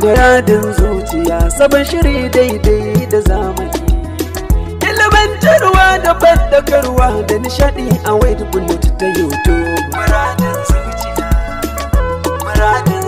Muradin zuciya sabon shiri daidai da zamani. Ilimantarwa da bandakarwa da nishadi a wade bullet ta YouTube.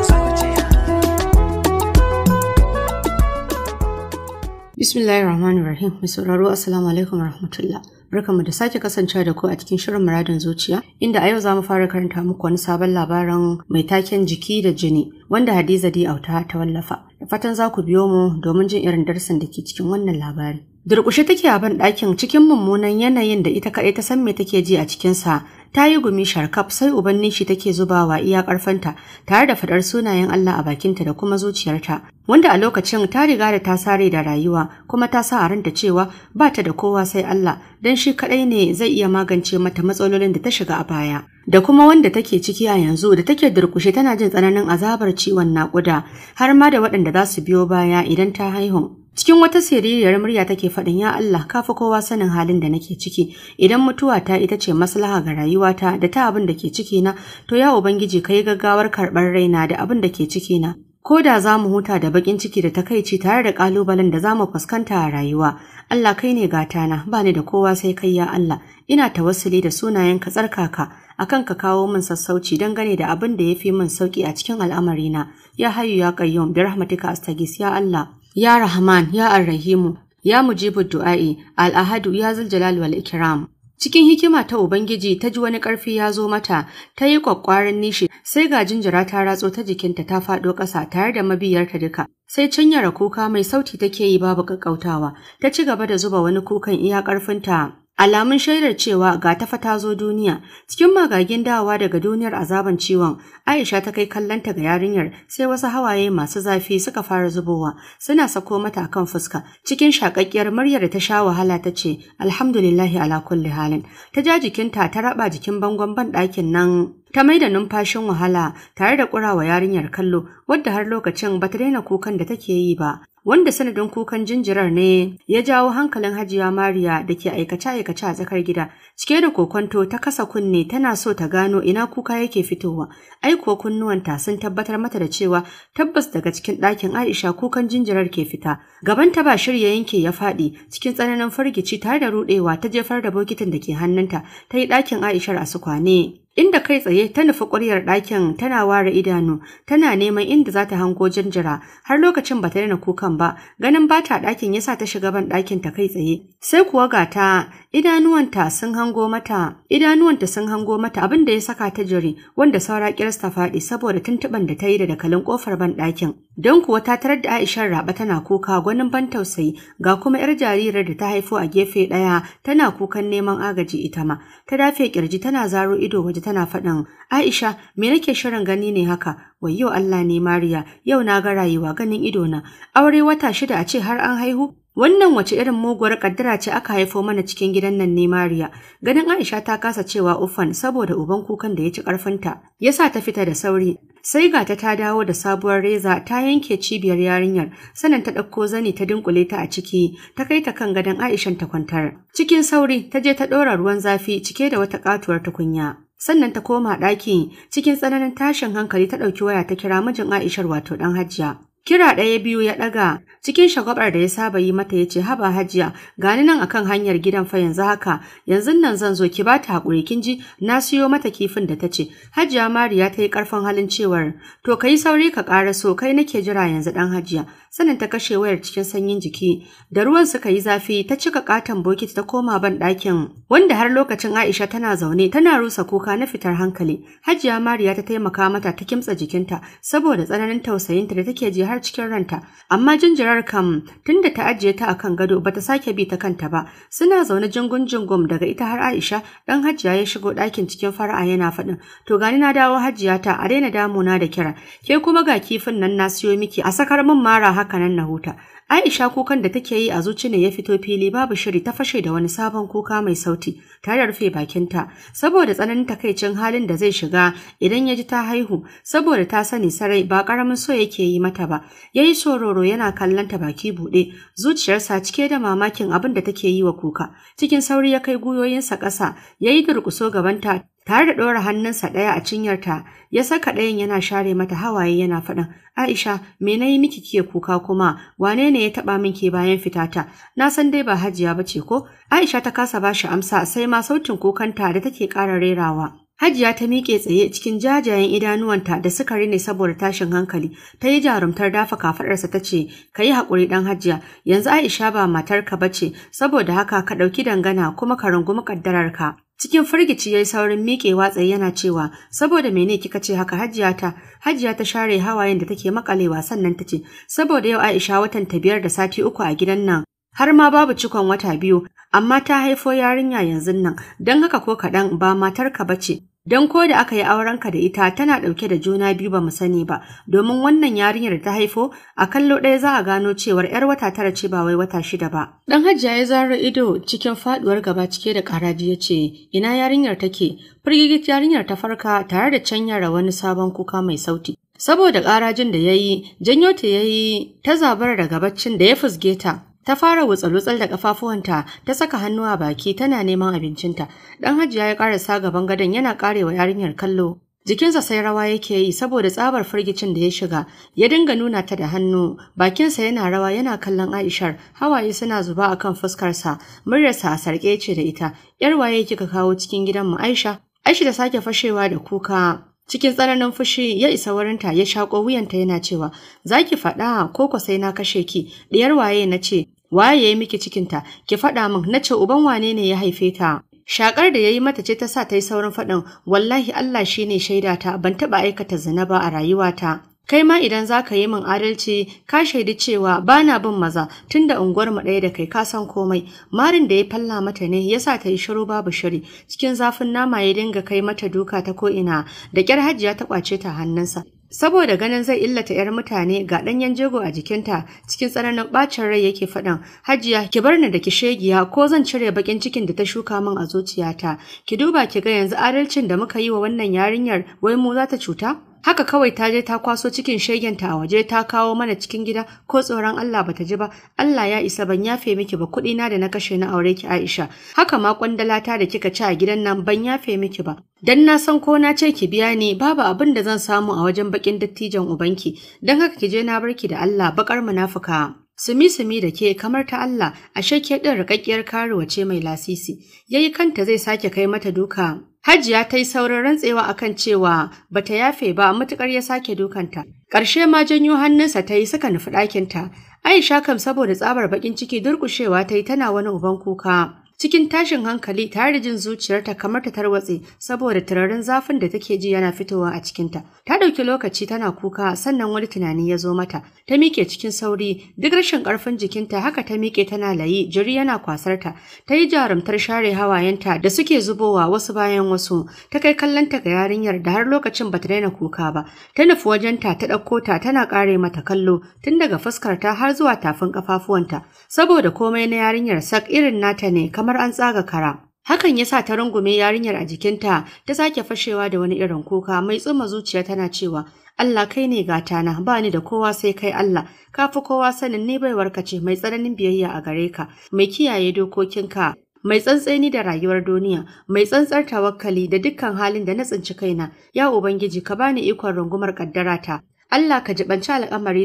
zuciya, Mai sauraro Assalamu alaikum rahmatullah. Barkanmu da sake kasancewa da ku a cikin shirin muradin zuciya, inda a yau za mu fara karanta muku wani sabon labarin mai taken jiki da jini, wanda Hadiza di Auta ta wallafa. Da fatan za ku biyo mu domin jin irin darsin da ke cikin wannan labari. Durƙushe take a ban ɗakin cikin mummunan yanayin da ita kaɗai ta san me take ji a cikinsa, ta yi gumi sharkaf sai ubannin shi take zubawa iya ƙarfanta tare da faɗar sunayen Allah a bakinta da kuma zuciyarta wanda a lokacin ta riga da ta sare da rayuwa kuma ta sa a ranta cewa ba ta da kowa sai Allah don shi kaɗai ne zai iya magance mata matsalolin da ta shiga a baya da kuma wanda take ciki a yanzu da take durkushe tana jin tsananin azabar ciwon naƙuda har ma da waɗanda za su biyo baya idan ta haihu Cikin wata siririyar murya take faɗin ya Allah kafi kowa sanin halin da nake ciki idan mutuwa ta ita ce maslaha ga rayuwata da ta abin da ke ciki na to ya ubangiji ka yi gaggawar karɓar raina da abin da ke ciki na Ko da za mu huta da bakin ciki da takaici tare da ƙalubalen da za mu fuskanta a rayuwa, Allah kai ne gatana, ba ni da kowa sai kai ya Allah, ina ta tawassuli da sunayen ka tsarkaka, akan ka kawo min sassauci dangane da abin da ya fi min sauki a cikin al'amarina, ya hayu ya qayyum bi rahmatika astagis ya Allah. Ya Rahman, ya Arrahimu, ya mujibu du'a'i, al-ahadu ya jalal wal ikiram. Cikin hikima ta Ubangiji ta ji wani ƙarfi ya zo mata, ta yi ƙwaƙƙwarin nishi, sai ga jinjira ta ratso ta jikinta ta faɗo ƙasa tare da mabiyarta duka. Sai cinyara kuka mai sauti take yi babu ƙaƙƙautawa, ta ci gaba da zuba wani kukan iya ƙarfinta Alamun shaidar cewa ga tafa ta zo duniya, cikin magagin dawowa daga duniyar azaban ciwon, Aisha ta kai kallanta ga yarinyar sai wasu hawaye masu zafi suka fara zubowa, suna sako mata kan fuska. Cikin shakakkiyar muryar da ta sha wahala ta ce, Alhamdulillahi ala kulli halin. Ta ja jikinta ta raba jikin bangon ban ɗakin nan ta maida numfashin wahala tare da kurawa yarinyar kallo wadda har lokacin ba ta daina kukan da take yi ba wanda sanadin kukan jinjirar ne ya jawo hankalin Hajiya Mariya da ke aikace-aikace a tsakar gida, cike da kokonto ta kasa kunne tana so ta gano ina kuka yake fitowa. Ai kuwa kunnuwanta sun tabbatar mata da cewa tabbas daga cikin ɗakin Aisha kukan jinjirar ke fita. Gaban ta ba shirya yanke ya faɗi cikin tsananin fargici tare da ruɗewa ta jefar da bokitin da ke hannunta ta yi ɗakin Aishar a sukwane. inda kai tsaye ta nufi ƙuryar ɗakin tana ware idanu tana neman inda za ta hango jinjira har lokacin ba ta daina kukan ba ganin ba ta ɗakin ya sa ta shiga ban ɗakin ta kai tsaye sai kuwa ga ta idanuwanta sun hango mata idanuwanta sun hango mata abin da ya saka ta jiri wanda saura kiras faɗi saboda tuntuɓan da ta yi da dakalin ƙofar ban ɗakin don kuwa ta tarar da Aisha raɓa tana kuka gwanin ban tausayi ga kuma 'yar jarirar da ta haifo a gefe ɗaya tana kukan neman agaji ita ma ta dafe ƙirji tana zaro ido waje tana faɗin Aisha me nake shirin gani ne haka wayyo Allah ne Mariya yau na ga rayuwa ganin idona aure wata shida a ce har an haihu Wannan wace irin muguwar kaddara ce aka haifo mana cikin gidan nan ne Mariya. Ganin Aisha ta kasa cewa ufan saboda uban kukan da ya ci karfinta. sa ta fita da sauri. Sai ga ta ta dawo da sabuwar reza ta yanke cibiyar yarinyar, sannan ta ɗauko zani ta dunkule ta a ciki, ta kai ta kan gadon Aishan ta kwantar. Cikin sauri ta je ta ɗora ruwan zafi cike da wata katuwar tukunya. sannan ta koma ɗakin. cikin tsananin tashin hankali ta ɗauki waya ta kira mijin Aishar wato ɗan Hajiya. Kira ɗaya biyu ya ɗaga cikin shagabar da ya saba yi mata ya ce haba Hajiya gani nan akan hanyar gidan fa yanzu haka yanzu nan zan zo ki bata hakuri kin ji na siyo mata kifin da ta ce Hajiya Mariya ta yi ƙarfin halin cewar to kai sauri ka ƙara so kai nake jira yanzu ɗan Hajiya sanin ta kashe wayar cikin sanyin jiki da ruwan suka yi zafi ta cika katon bokiti ta koma ban ɗakin wanda har lokacin Aisha tana zaune tana rusa kuka na fitar hankali Hajiya Mariya ta taimaka mata ta kimtsa jikinta saboda tsananin tausayinta da take ji har cikin ranta amma jinjirar kam tunda ta ajiye ta kan gado bata sake bi ta kanta ba suna zaune jingun jingum daga ita har Aisha dan Hajiya ya shigo ɗakin cikin fara'a yana faɗin to gani na dawo Hajiya ta a daina damuna da kira ke kuma ga kifin nan na siyo miki a sakar min mara haka nan na huta. Aisha kukan da take yi a zuci ne ya fito fili babu shiri ta fashe da wani sabon kuka mai sauti tare da rufe bakinta saboda tsananin takaicin halin da zai shiga idan ya ji ta haihu saboda ta sani sarai ba karamin so yake yi mata ba. Yayi sororo yana kallon ta baki buɗe zuciyarsa cike da mamakin abin da take yi wa kuka. Cikin sauri ya kai guyoyinsa ƙasa ya yi durƙuso gabanta tare da ɗora hannunsa ɗaya a cinyarta ya saka ɗayan yana share mata hawaye yana faɗin aisha me na yi miki kiye kuka kuma wane ne ya taɓa min ke bayan fitata na san dai ba hajiya ba ce ko aisha ta kasa ba shi amsa sai ma sautin kukanta da take ƙara rerawa Hajiya ta miƙe tsaye cikin jajayen idanuwanta da suka rine saboda tashin hankali, ta yi jarumtar dafa kafaɗarsa ta ce, Ka yi haƙuri ɗan hajiya, yanzu Aisha ba matarka ba ce, saboda haka ka ɗauki dangana kuma ka rungumi ƙaddararka. Cikin firgici yi saurin miƙewa tsaye yana cewa, "Saboda mene kika ce haka Hajiya ta?" Hajiya ta share hawayen da take makalewa sannan ta ce, "Saboda yau Aisha watan ta biyar da sati uku a gidan nan, har ma babu cikon wata biyu, amma ta haifo yarinya yanzu nan, don haka ko kaɗan ba matarka ba ce, Don ko da aka yi aurenka da ita tana ɗauke da juna biyu ba mu sani ba, domin wannan yarinyar ta haifo a kallo ɗaya za a gano cewar 'yar wata tara ce ba wai wata shida ba. Ɗan Hajiya ya zaro ido cikin faɗuwar gaba cike da ƙaraji ya ce, ina yarinyar take, firgigit yarinyar ta farka tare da canyara wani sabon kuka mai sauti. Saboda ƙarajin da ya yi, janyo ta ya yi ta zabar daga baccin da ya fusge ta, Ta fara wutsalutsal da kafafuwanta ta saka hannu a baki tana neman abincinta. Dan Hajiya ya karasa gaban gadon yana karewa yarinyar kallo. Jikinsa sai rawa yake yi saboda tsabar firgicin da ya shiga, ya dinga nuna ta da hannu, bakinsa yana rawa yana kallon Aishar, hawaye suna zuba a kan fuskarsa, muryarsa a sarƙe ce da ita, ‘yar waye kika kawo cikin gidanmu Aisha? Aisha ta sake fashewa da kuka, Cikin tsananin fushi ya isa wurinta ya shaƙo wuyanta yana cewa, Za ki faɗa ko sai na kashe ki, ɗiyar waye na ce, waye ya miki cikinta, ki faɗa min na ce uban wane ne ya haife ta. Shakar da ya yi mata ce ta sa ta yi saurin faɗin, wallahi Allah shi ne shaidata ban taɓa aikata zina ba a rayuwata. Kai ma idan za ka yi min adalci, ka shaidi cewa ba na bin maza tun tunda unguwarmu ɗaya da kai ka san komai. Marin da ya falla mata ne ya sa ta yi shiru babu shiri. Cikin zafin nama ya dinga kai mata duka ta ko'ina da ƙyar hajiya ta ƙwace ta hannunsa. saboda ganin zai illata 'yar mutane ga ɗanyen jego a jikinta cikin tsananin ɓacin rai yake faɗan hajiya ki bar ni da ki shegiya ko zan cire baƙin cikin da ta shuka min a zuciyata ki duba ki ga yanzu adalcin da muka yi wa wannan yarinyar wai mu za ta cuta Haka kawai ta je ta kwaso cikin shegenta a waje ta kawo mana cikin gida ko tsoron Allah bata ji ba. Allah ya isa ban yafe miki ba kuɗi na da na kashe na aure ki Aisha. Haka ma kwandala ta da kika ci a gidan nan ban yafe miki ba. Dan na san ko na ce ki biya ni babu abin da zan samu a wajen bakin dattijan ubanki. Dan haka ki je na barki da Allah bakar munafuka. Sumi-sumi da ke kamar ta Allah, ashe ke ɗin rikakkiyar karuwa ce mai lasisi, yayi kanta zai sake kai mata duka Hajiya ta yi saurin rantsewa a kan cewa ba ta yafe ba matuƙar ya sake dukanta. Ƙarshe ma janyo hannunsa ta yi suka nufi ɗakinta. Aisha kam saboda tsabar baƙin ciki durƙushewa ta yi tana wani uban kuka. cikin tashin hankali tare jin zuciyarta kamar ta tarwatse saboda turarin zafin da take ji yana fitowa a cikinta. Ta ɗauki lokaci tana kuka sannan wani tunani ya zo mata. Ta miƙe cikin sauri duk rashin ƙarfin jikinta haka ta miƙe tana layi jiri yana kwasarta. Ta yi jarumtar share hawayenta da suke zubowa wasu bayan wasu. Ta kai kallonta ga yarinyar da har lokacin bata daina kuka ba. Ta nufi wajenta ta ɗauko ta tana ƙare mata kallo tun daga fuskarta har zuwa tafin kafafuwanta. Saboda komai na yarinyar sak irin nata ne kamar kamar an tsaga kara. Hakan ya sa ta rungume yarinyar a jikinta ta sake fashewa da wani irin kuka mai tsuma zuciya tana cewa Allah kai ne gatana ba ni da kowa sai kai Allah ka fi kowa sanin ne ka ce mai tsananin biyayya a gare ka mai kiyaye dokokinka mai tsantseni da rayuwar duniya mai tsantsar tawakkali da dukkan halin da na tsinci kaina ya ubangiji ka bani ikon rungumar ta. Allah ka jibanci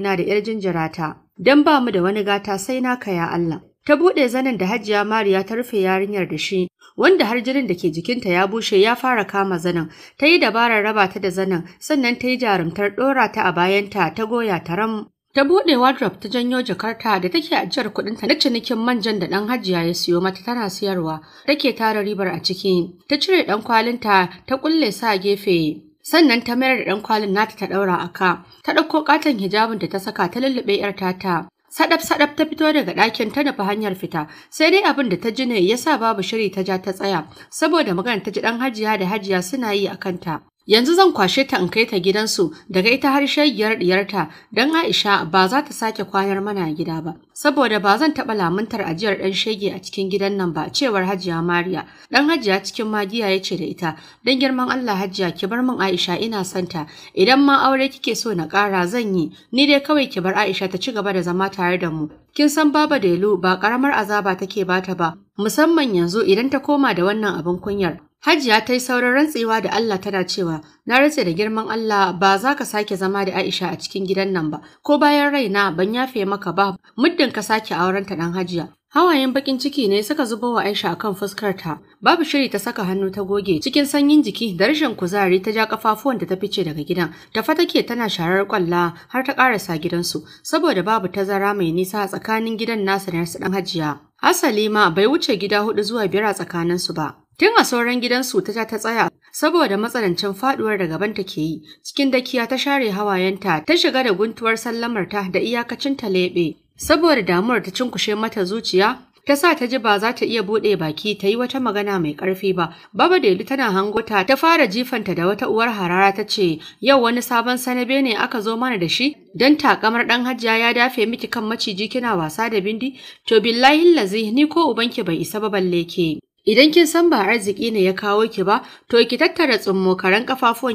na da yar jinjirata don ba mu da wani gata sai naka ya Allah ta buɗe zanen da Hajiya Mariya ta rufe yarinyar da shi, wanda har jinin da ke jikinta ya bushe ya fara kama zanen, Ta yi dabarar raba ta da zanen sannan ta yi jarumtar ɗora ta a bayanta ta goya ta ram. Ta buɗe wardrobe ta janyo jakarta da take ajiyar kuɗinta na cinikin manjan da ɗan hajiya ya siyo mata tana siyarwa, take tara ribar a ciki. Ta cire ɗan kwalinta ta ƙulle sa gefe sannan ta mayar da ɗan kwalin nata ta ɗaura a ka ta ɗauko ƙaton hijabin da ta saka ta lullube ‘yar tata sadaf-sadaf ta fito daga ɗakin ta nufi hanyar fita sai dai abin da ta ji ne sa babu shiri ta ja ta tsaya saboda magana ta ji ɗan hajiya da hajiya suna yi a kanta Yanzu zan kwashe ta in kai ta gidansu daga ita har shayyar diyarta don Aisha ba za ta sake kwanar mana gida ba. Saboda ba zan taɓa lamuntar ajiyar ɗan shege a cikin gidan nan ba cewar Hajiya Mariya. Ɗan Hajiya cikin magiya ya ce da ita, don girman Allah Hajiya ki bar min Aisha ina santa, idan ma aure kike so na ƙara zan yi, ni dai kawai ki bar Aisha ta ci gaba da zama tare da mu. Kin san Baba Delu ba ƙaramar azaba take bata ba, musamman yanzu idan ta koma da wannan abin kunyar. Hajiya ta yi saurin rantsewa da Allah tana cewa, Na rantse da girman Allah ba za ka sake zama da Aisha a cikin gidan nan ba, ko bayan rai na ban yafe maka ba, muddin ka sake ta ɗan Hajiya. Hawayen bakin ciki ne suka zubo wa Aisha akan fuskarta. Babu shiri ta saka hannu ta goge cikin sanyin jiki da rashin kuzari ta ja kafafuwan da ta fice daga gidan. ta take tana sharar kwalla har ta karasa gidansu saboda babu tazara mai nisa tsakanin gidan nasu da nasu dan hajiya. Asali ma bai wuce gida hudu zuwa biyar a tsakaninsu ba. Tun a sauran gidansu ta ta tsaya saboda matsanancin faduwar da gaban ta ke yi, cikin dakiya ta share hawayenta ta shiga da guntuwar sallamar ta da iyakacin ta leɓe. Saboda damuwar ta cinkushe mata zuciya, ta sa ta ji ba za ta iya buɗe baki ta yi wata magana mai karfi ba. Baba Delu tana hangota ta fara jifanta da wata uwar harara ta ce, Yau wani sabon sanabe ne aka zo mana da shi? Don takamar ɗan hajiya ya dafe miki kan maciji kina wasa da bindi? To billahi lazi ni ko ubanki bai isa ba balle ke. Idan kin san ba arziki ne ya kawo ki ba, to ki tattara tsummo karan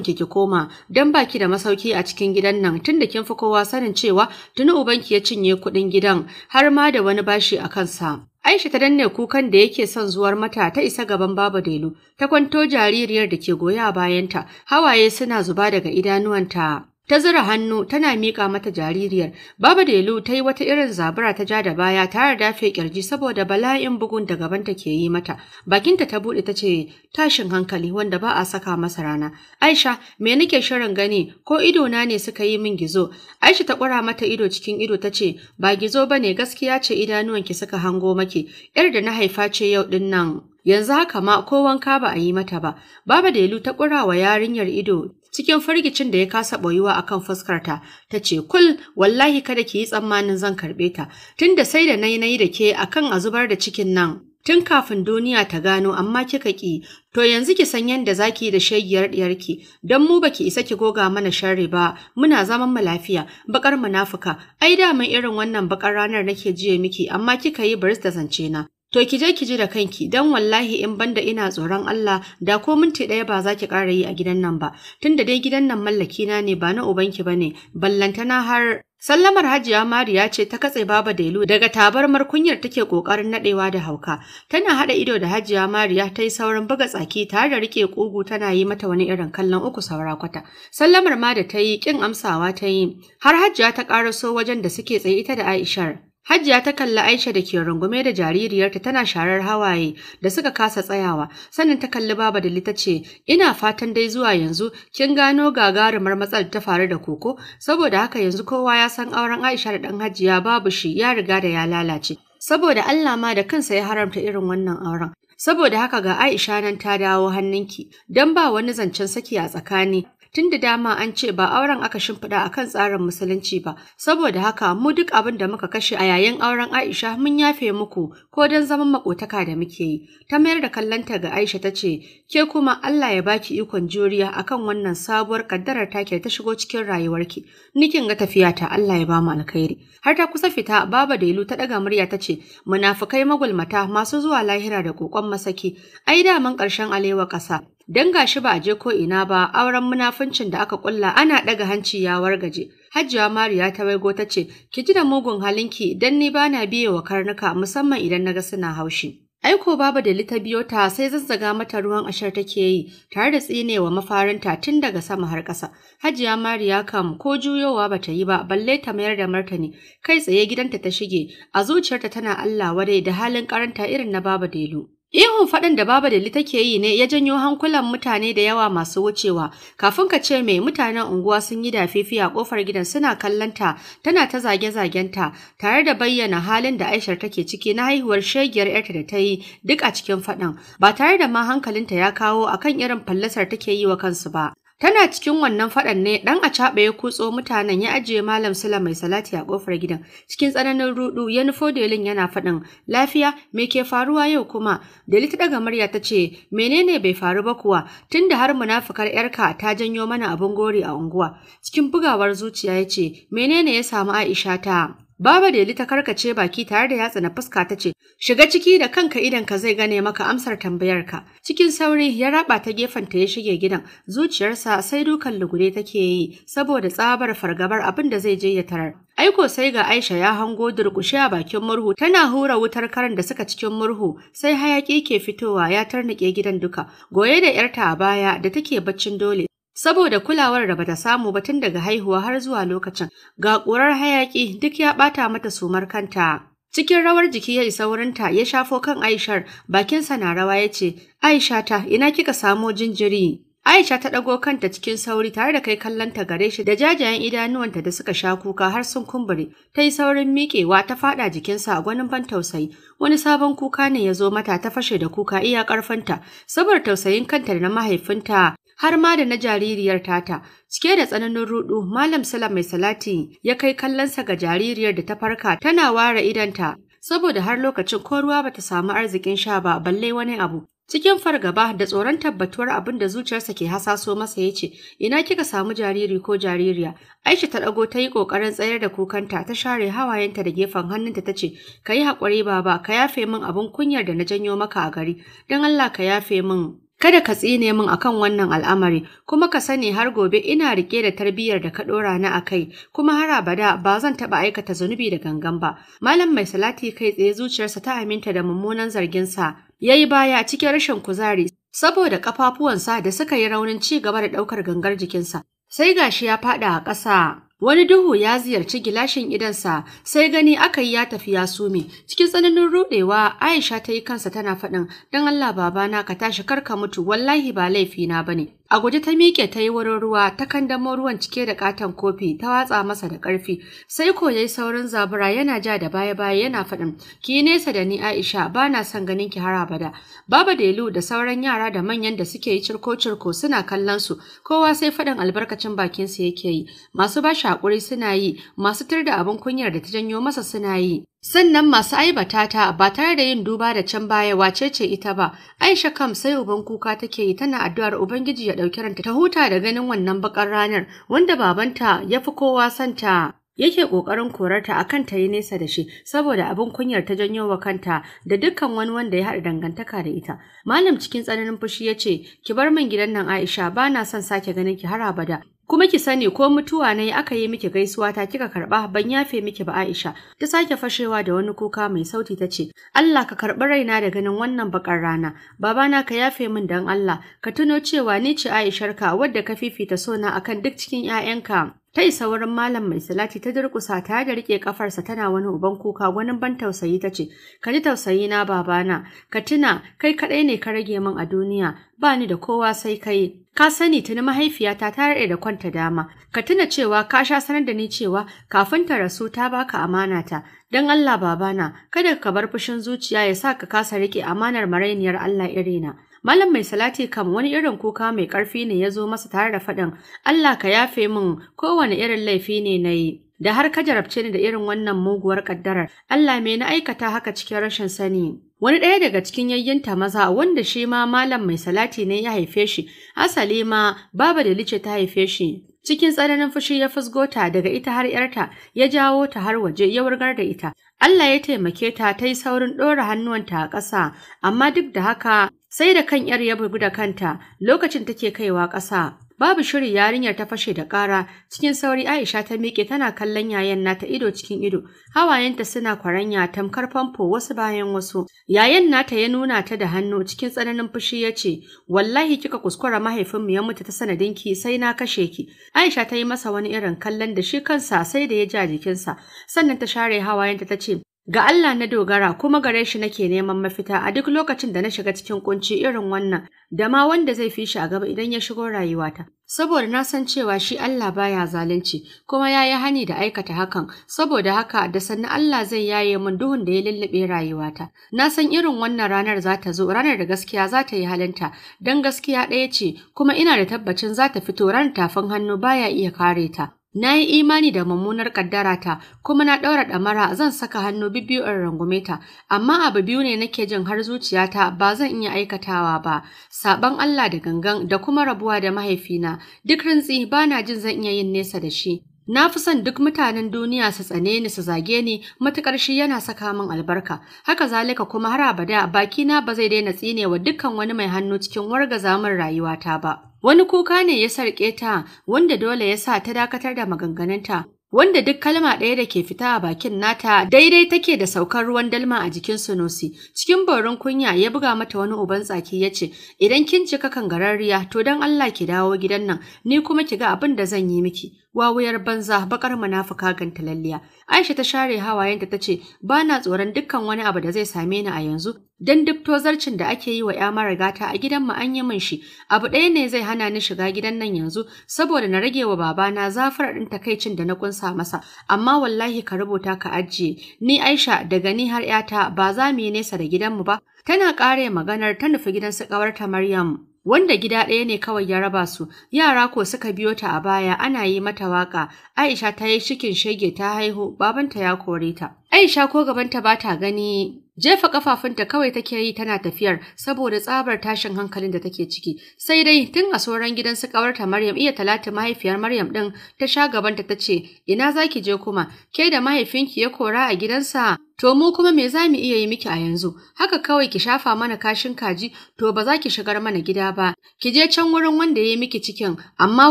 ki ki koma, don ba ki da masauki a cikin gidan nan tunda kin fi kowa sanin cewa tuni ubanki ya cinye kuɗin gidan har ma da wani bashi a kansa. Aisha ta danne kukan da yake son zuwar mata ta isa gaban Baba Delu, ta kwanto jaririyar da ke goya bayanta, hawaye suna zuba daga idanuwanta. Ta zura hannu tana miƙa mata jaririyar. Baba Delu ta yi wata irin zabura ta ja da baya ta da dafe kirji saboda bala'in bugun da gabanta ke yi mata. Bakinta ta buɗe ta ce tashin hankali wanda ba a saka masa rana. Aisha, me nake shirin gani ko idona ne suka yi min gizo? Aisha ta ƙura mata ido cikin ido ta ce ba gizo ba ne. gaskiya ce idanuwanki suka hango maki. Yar da na haifa ce yau ɗin nan yanzu haka ma ko wanka ba a yi mata ba. Baba Delu ta ƙura wa yarinyar ido cikin firgicin da ya kasa ɓoyuwa akan fuskarta ta ce kul wallahi kada ki yi tsammanin zan karɓe ta tunda sai da na nayi da ke akan a zubar da cikin nan tun kafin duniya ta gano amma kika ki to yanzu ki san yadda za ki yi da shegiyar diyarki don mu baki isa ki goga mana sharri ba muna zaman mu lafiya bakar munafuka ai da mun irin wannan bakar ranar nake jiya miki amma kika yi baris da zance na To ki je ki ji da kanki dan wallahi in banda ina tsoron Allah da ko minti ɗaya ba za ki ƙara yi a gidan nan ba tunda dai gidan nan mallaki na ne ba na ubanki bane ballantana har Sallamar Hajiya Mariya ce ta katse Baba Delu daga tabarmar kunyar take kokarin nadewa da hauka. Tana haɗa ido da Hajiya Mariya ta yi saurin buga tsaki tare da rike ƙugu tana yi mata wani irin kallon uku saura kwata. Sallamar ma da ta yi kin amsawa ta yi har Hajiya ta karaso wajen da suke tsaye ita da Aishar. Hajiya ta kalli Aisha da ke rungume da jaririyarta tana sharar hawaye da suka kasa tsayawa, sannan ta kalli Baba da ta ce, "Ina fatan dai zuwa yanzu kin gano gagarumar matsalar ta faru da koko, saboda haka yanzu kowa ya san auren Aisha da ɗan Hajiya babu shi ya riga da ya lalace." Saboda Allah ma da kansa ya haramta irin wannan auren, saboda haka ga Aisha nan ta dawo hannunki don ba wani zancen saki a tsakani tun da dama an ce ba auren aka shimfiɗa a kan tsarin musulunci ba saboda haka mu duk abin da muka kashe a yayin auren Aisha mun yafe muku ko don zaman makotaka da muke yi ta mayar da kallanta ga Aisha ta ce ke kuma Allah ya baki ikon juriya akan wannan sabuwar kaddarar take ta shigo cikin rayuwarki nikin ga tafiya ta Allah ya ba mu alkhairi har ta kusa fita baba Delu ta ɗaga murya ta ce munafukai magulmata masu zuwa lahira da kokon masaki ai daman ƙarshen alewa ƙasa don gashi ba a je ko ina ba auren munafuncin da aka kulla ana ɗaga hanci ya wargaje. Hajiya Mariya ta waigo ta ce, Ki ji da mugun halinki don ni bana biye wa karnuka musamman idan na ga suna haushi. Aiko babu da ta biyo ta sai zazzaga mata ruwan ashar take yi tare da tsinewa mafarinta tun daga sama har ƙasa. Hajiya Mariya kam ko juyowa ba ta yi ba balle ta mayar da martani kai tsaye gidanta ta shige a zuciyarta tana Allah wadai da halin karanta irin na Babu Delu. Ihun faɗin da Baba dali take yi ne ya janyo hankulan mutane da yawa masu wucewa. Kafin ka ce mai mutanen unguwa sun yi dafifi a ƙofar gidan suna kallanta tana ta zage-zagenta tare da bayyana halin da Aishar take ciki na haihuwar shegiyar ‘yarta da ta yi duk a cikin faɗin, ba tare da ma hankalinta ya kawo akan irin fallasar take yi wa kansu ba. Tana cikin wannan faɗan ne ɗan acaɓa ya kutso mutanen ya ajiye Malam Sula mai salati a ƙofar gidan. Cikin tsananin rudu ya nufo Delin yana faɗin lafiya me ke faruwa yau kuma? Deli ta ɗaga murya ta ce menene bai faru ba kuwa tunda har munafukar ‘yarka ta janyo mana abin gori a unguwa. Cikin bugawar zuciya ya ce menene ya samu Aisha ta? Baba Deli ta karkace baki tare da yatsa na fuska ta ce, "Shiga ciki da kanka idan ka zai gane maka amsar tambayarka." Cikin sauri ya raba ta gefen ta ya shige gidan, zuciyarsa sai dukan lugure take yi saboda tsabar fargabar abin da zai je ya tarar. Aiko sai ga Aisha ya hango durƙushe a bakin murhu tana hura wutar karan da suka cikin murhu sai hayaƙi ke fitowa ya tarnike gidan duka. Goye da ‘yarta a baya da take baccin dole Saboda kulawar da bata samu ba tun daga haihuwa har zuwa lokacin, ga ƙurar hayaƙi duk ya ɓata mata sumar kanta. Cikin rawar jiki ya isa wurinta ya shafo kan Aishar, bakinsa na rawa ya ce, Aisha ta, ina kika samo jinjiri? Aisha ta ɗago kanta cikin sauri tare da kai ta gare shi da jajayen idanuwanta da suka sha kuka har sun kumbure, ta yi saurin miƙewa ta faɗa jikinsa a gwanin ban tausayi. Wani sabon kuka ne ya zo mata ta fashe da kuka iya ƙarfinta, saboda tausayin kanta da na mahaifinta har ma da na jaririyar tata cike da tsananin rudu malam salam mai salati ya kai kallonsa ga jaririyar da ta farka tana ware idanta saboda har lokacin ko ruwa bata samu arzikin sha ba balle wani abu cikin fargaba da tsoron tabbatuwar abin da zuciyarsa ke hasaso masa ya ce ina kika samu jariri ko jaririya aisha ta ɗago ta yi ƙoƙarin tsayar da kukanta ta share hawayenta da gefen hannunta ta ce ka yi haƙuri baba ka yafe min abin kunyar da na janyo maka a gari don allah ka yafe min Kada ka tsine min akan wannan al'amari, kuma ka sani har gobe ina rike da tarbiyyar da ka ɗora ni a kai, kuma har abada ba zan taɓa aikata zunubi da gangan ba. Malam mai salati kai tsaye zuciyarsa ta aminta da mummunan zargin sa yayi baya cikin rashin kuzari, saboda ƙafafuwansa da suka yi raunin ci gaba da ɗaukar gangar jikinsa. Sai gashi ya faɗa a ƙasa Wani duhu ya ziyarci gilashin idansa sai gani aka yi ya tafi ya sume. Cikin tsananin rudewa Aisha ta yi kansa tana faɗin Don Allah babana ka tashi kar ka mutu wallahi ba laifina na bane. A guje ta miƙe ta yi wurin ruwa ta kandamo ruwan cike da katon kofi ta watsa masa da ƙarfi sai ko yayi saurin zabura yana ja da baya baya yana faɗin ki nesa da ni Aisha ba na son ganin ki har abada. Baba Delu da sauran yara da manyan da suke yi cirko cirko suna kallon su kowa sai faɗin albarkacin bakin su yake yi masu ba shi hakuri suna yi masu tir da abin kunyar da ta janyo masa suna yi. Sannan masu aibata ta ba tare da yin duba da can baya wace ce ita ba, Aisha kam sai uban kuka take yi tana addu'ar Ubangiji ya ɗauki ranta ta huta da ganin wannan bakar ranar wanda babanta ya fi kowa santa. Yake ƙoƙarin korarta a kan ta yi nesa da shi saboda abin kunyar ta janyo wa kanta da dukkan wani wanda ya haɗa dangantaka da ita. Malam cikin tsananin fushi ya ce, Ki bar min gidan nan Aisha ba na son sake ganin ki har abada, kuma ki sani ko mutuwa ne aka yi miki gaisuwa ta kika karba ban yafe miki ba Aisha ta sake fashewa da wani kuka mai sauti ta ce Allah ka karbi raina da ganin wannan bakar rana babana ka yafe min dan Allah ka tuno cewa ni ce Aisharka wadda ka fifita sona akan duk cikin 'ya'yanka Ta isa wurin malam mai salati ta durƙusa ta da riƙe ƙafarsa tana wani uban kuka gwanin ban tausayi ta ce, Ka ji tausayi na babana, ka tuna kai kaɗai ne ka rage min a duniya, ba ni da kowa sai kai. Ka sani tuni mahaifiyata ta raɗe da kwanta dama, ka tuna cewa ka sha sanar da ni cewa kafin ta rasu ta baka amana ta. don Allah babana, kada ka bar fushin zuciya ya sa ka kasa riƙe amanar marainiyar Allah irina. Malam mai salati kam wani irin kuka mai ƙarfi ne ya zo masa tare da faɗin Allah ka yafe min kowane irin laifi ne na yi. Da har ka jarabce ni da irin wannan muguwar ƙaddarar, Allah me na aikata haka cikin rashin sani. Wani ɗaya daga cikin yayyinta maza wanda shi ma malam mai salati ne ya haife shi, asali ma baba da lice ta haife shi. Cikin tsananin fushi ya fusgota daga ita har ‘yarta, ya jawo ta har waje ya wargar da ita. Allah ya taimake ta ta yi saurin ɗora hannuwanta a ƙasa, amma duk da haka sai da kan ‘yar ya bugu da kanta lokacin take kaiwa ƙasa. Babu shiri yarinyar ta fashe da ƙara cikin sauri Aisha ta miƙe tana kallon yayan nata ido cikin ido, hawayenta suna kwaranya tamkar famfo wasu bayan wasu. Yayan nata ya nuna ta da hannu cikin tsananin fushi ya ce, Wallahi kika kuskura mahaifinmu ya mutu ta sanadin ki, sai na kashe ki. Aisha ta yi masa wani irin kallon da shi kansa sai da ya ja jikinsa, sannan ta share hawayenta ta ce, Ga Allah na dogara kuma gare shi nake neman mafita a duk lokacin da na shiga cikin kunci irin wannan da ma wanda zai fi shi a gaba idan ya shigo rayuwata. Saboda na san cewa shi Allah baya zalunci kuma ya yi hani da aikata hakan saboda haka da sannan Allah zai yaye min duhun da ya lullube rayuwata. Na san irin wannan ranar za ta zo ranar da gaskiya za ta yi halinta don gaskiya ɗaya ce kuma ina da tabbacin za ta fito ran tafin hannu baya iya kare ta. Na yi imani da mummunar ƙaddarata kuma na ɗaura ɗamara zan saka hannu bibiyu in rungume ta, amma abu biyu ne nake jin har zuciyata ba zan iya aikatawa ba, saɓan Allah da gangan da kuma rabuwa da mahaifina, duk rintsi ba na jin zan iya yin nesa da shi. Na fi son duk mutanen duniya su tsane ni su zage ni matuƙar shi yana saka min albarka. Haka zalika kuma har abada bakina ba zai daina tsinewa dukkan wani mai hannu cikin wargaza min rayuwata ba. Wani kuka ne ya sarƙe ta wanda dole ya sa ta dakatar da maganganunta wanda duk kalma ɗaya da ke fita a bakin nata daidai take da saukar ruwan dalma a jikin Sunusi. Cikin borin kunya ya buga mata wani uban tsaki ya ce, Idan kin cika kangararriya to don Allah ki dawo gidan nan, ni kuma ki ga abin da zan yi miki. wawuyar banza bakar munafuka talalliya Aisha ta share hawayenta ta ce, "Ba na tsoron dukkan wani abu da zai same ni a yanzu, dan duk tozarcin da ake yi wa ‘ya marigata a gidan mu an yi min shi, abu ɗaya ne zai hana ni shiga gidan nan yanzu, saboda na rage wa babana zafar ɗin takaicin da na kunsa masa, amma wallahi ka rubuta ka ajiye, ni Aisha daga ni har ‘yata ba za mu yi nesa da gidan mu ba." Tana kare maganar ta nufi gidan su ƙawarta Maryam wanda gida ɗaya ne kawai ya raba su yara ko suka biyo ta a baya ana yi mata waka Aisha ta yi shikin shege ta haihu babanta ya kore ta Aisha ko gabanta ba ta gani jefa kafafunta kawai take yi tana tafiyar saboda tsabar tashin hankalin da take ciki sai dai tun a sauran gidan su kawarta Maryam iya talata mahaifiyar Maryam din ta sha gabanta ta ce, ina zaki je kuma ke da mahaifinki ya kora a gidansa To mu kuma me za mu iya yi miki a yanzu? Haka kawai ki shafa mana kashin kaji, to ba za ki shigar mana gida ba. Ki je can wurin wanda ya yi miki cikin, amma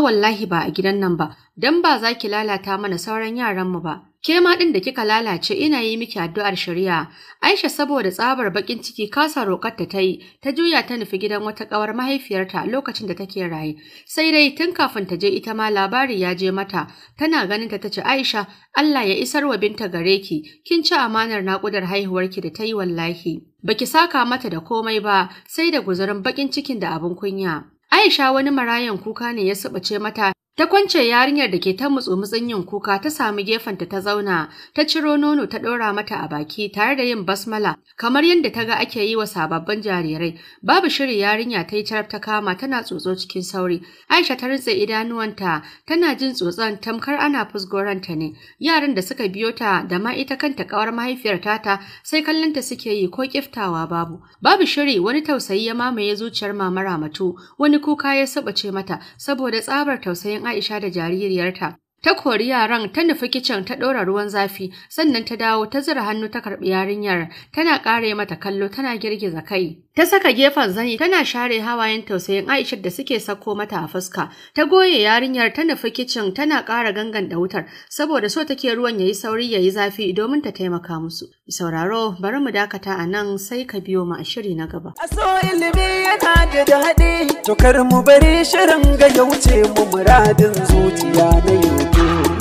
wallahi ba a gidan nan ba, don ba za ki lalata mana sauran yaranmu ba. Ke ma ɗin da kika lalace ina yi miki addu'ar shari'a. Aisha saboda tsabar bakin ciki kasa roƙar ta yi, ta juya ta nufi gidan wata ƙawar mahaifiyarta lokacin da take raye. Sai dai tun kafin ta je ita ma labari ya je mata, tana ganin ta ta ce Aisha, Allah ya isar wa binta gare ki, kin ci amana maganar naƙudar haihuwarki da ta yi wallahi. Baki saka mata da komai ba sai da guzarin baƙin cikin da abin kunya. Aisha wani marayan kuka ne ya subace mata Ta kwance yarinyar da ke ta mutsu yin kuka ta sami gefenta ta zauna, ta ciro nono ta ɗora mata a baki tare da yin basmala, kamar yadda ta ga ake yi wa sababbin jarirai. Babu shiri yarinya ta yi carab ta kama tana tsotso cikin sauri. Aisha ta rintse idanuwanta tana jin tsotson tamkar ana fusgoranta ne. Yaran da suka biyo ta da ma ita kanta kawar mahaifiyar tata sai kallonta suke yi ko kiftawa babu. Babu shiri wani tausayi ya mamaye zuciyar mamara Ramatu, wani kuka ya ce mata saboda tsabar tausayin Aisha da jaririyarta Ta kori yaran ta nufi kicin ta ɗora ruwan zafi sannan ta dawo ta zira hannu ta karɓi yarinyar tana ƙare mata kallo tana girgiza kai. Ta saka gefen zani tana share hawayen tausayin Aisha da suke sako mata a fuska. Ta goye yarinyar ta nufi kicin tana ƙara gangan da wutar saboda so take ruwan yayi sauri yayi zafi domin ta taimaka musu. Sauraro bari mu dakata a nan sai ka biyo mu a shiri na gaba. A so ilimi yana da daɗi to kar mu bari shirin ga wuce mu muradin zuciya na yau.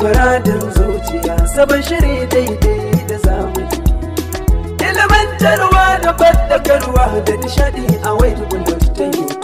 faradin zuciya sabon shiri daidai da zamani. Ilimantarwa da fadakarwa da nishadi a wai tukundu ta yi.